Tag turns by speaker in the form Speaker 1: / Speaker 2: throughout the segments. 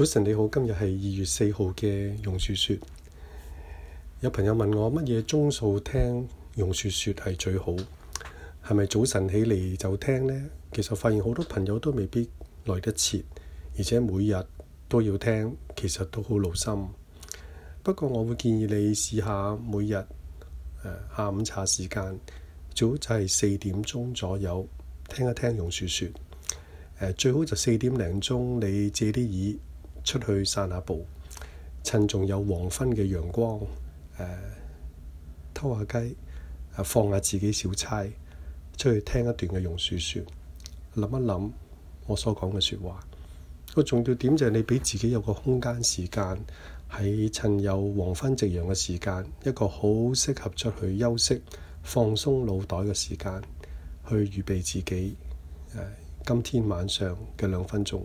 Speaker 1: .早晨你好，今日係二月四號嘅榕樹說。有朋友問我乜嘢鐘數聽榕樹說係最好？係咪早晨起嚟就聽呢？其實發現好多朋友都未必來得切，而且每日都要聽，其實都好勞心。不過我會建議你試下每日下午茶時間，早就係四點鐘左右聽一聽榕樹說。最好就四點零鐘，你借啲耳。出去散下步，趁仲有黃昏嘅陽光、啊，偷下雞、啊，放下自己小差，出去聽一段嘅榕樹説，諗一諗我所講嘅說話。個重要點就係你俾自己有個空間時間，喺趁有黃昏夕陽嘅時間，一個好適合出去休息、放鬆腦袋嘅時間，去預備自己誒、啊、今天晚上嘅兩分鐘。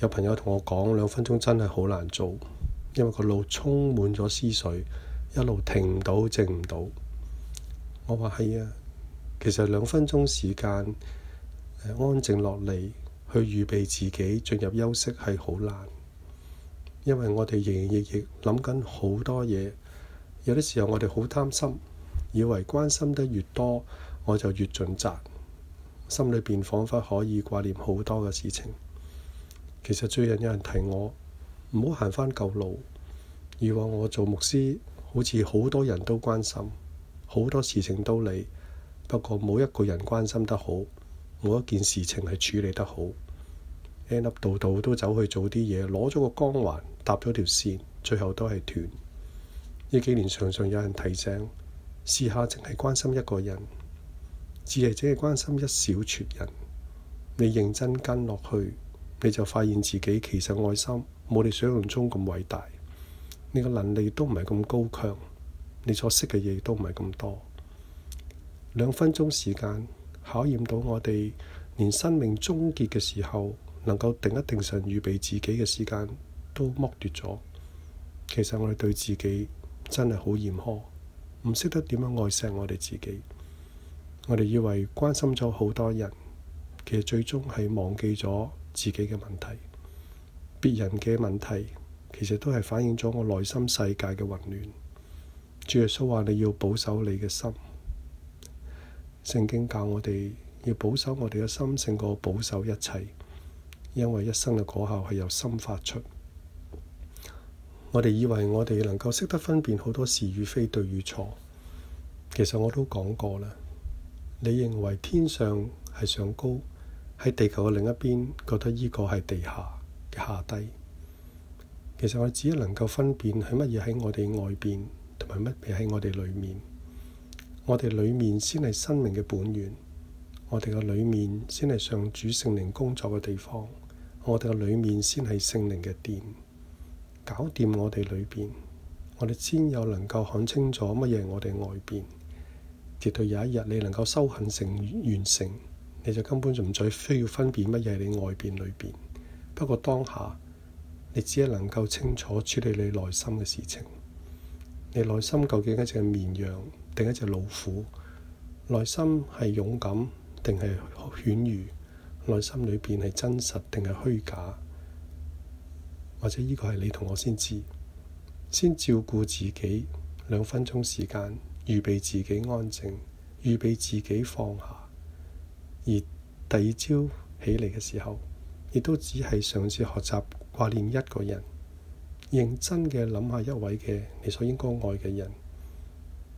Speaker 1: 有朋友同我講兩分鐘真係好難做，因為個腦充滿咗思緒，一路停唔到靜唔到。我話係啊，其實兩分鐘時間、呃、安靜落嚟，去預備自己進入休息係好難，因為我哋營營役役諗緊好多嘢。有啲時候我哋好擔心，以為關心得越多我就越盡責，心裏邊彷彿可以掛念好多嘅事情。其實最近有人提我唔好行翻舊路。以往我做牧師，好似好多人都關心，好多事情都理，不過冇一個人關心得好，冇一件事情係處理得好。一粒度度都走去做啲嘢，攞咗個光環，搭咗條線，最後都係斷。呢幾年常常有人提醒，試下淨係關心一個人，只係淨係關心一小撮人，你認真跟落去。你就發現自己其實愛心冇你想象中咁偉大，你嘅能力都唔係咁高強，你所識嘅嘢都唔係咁多。兩分鐘時間考驗到我哋，連生命終結嘅時候能夠定一定神，預備自己嘅時間都剝奪咗。其實我哋對自己真係好嚴苛，唔識得點樣愛惜我哋自己。我哋以為關心咗好多人，其實最終係忘記咗。自己嘅問題，別人嘅問題，其實都係反映咗我內心世界嘅混亂。主耶穌話：你要保守你嘅心。聖經教我哋要保守我哋嘅心，勝過保守一切，因為一生嘅果效係由心發出。我哋以為我哋能夠識得分辨好多是與非、對與錯，其實我都講過啦。你認為天上係上高？喺地球嘅另一邊，覺得呢個係地下嘅下低。其實我哋只能夠分辨係乜嘢喺我哋外邊，同埋乜嘢喺我哋裏面。我哋裏面先係生命嘅本源，我哋嘅裏面先係上主聖靈工作嘅地方，我哋嘅裏面先係聖靈嘅殿。搞掂我哋裏邊，我哋先有能夠看清楚乜嘢係我哋外邊。直到有一日，你能夠修行成完成。其實根本就唔再需要分辨乜嘢係你外邊、裏邊。不過當下，你只能夠清楚處理你內心嘅事情。你內心究竟一隻綿羊定一隻老虎？內心係勇敢定係犬儒？內心裏邊係真實定係虛假？或者呢個係你同我先知？先照顧自己，兩分鐘時間，預備自己安靜，預備自己放下。而第二朝起嚟嘅時候，亦都只係嘗試學習掛念一個人，認真嘅諗下一位嘅你所應該愛嘅人，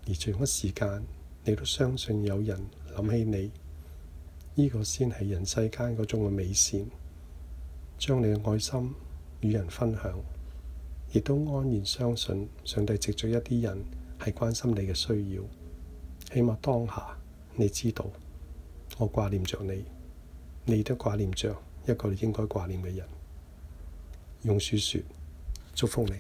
Speaker 1: 而全部時間你都相信有人諗起你，呢個先係人世間嗰種嘅美善，將你嘅愛心與人分享，亦都安然相信上帝藉著一啲人係關心你嘅需要，起碼當下你知道。我掛念着你，你都掛念着一個你應該掛念嘅人。用書說，祝福你。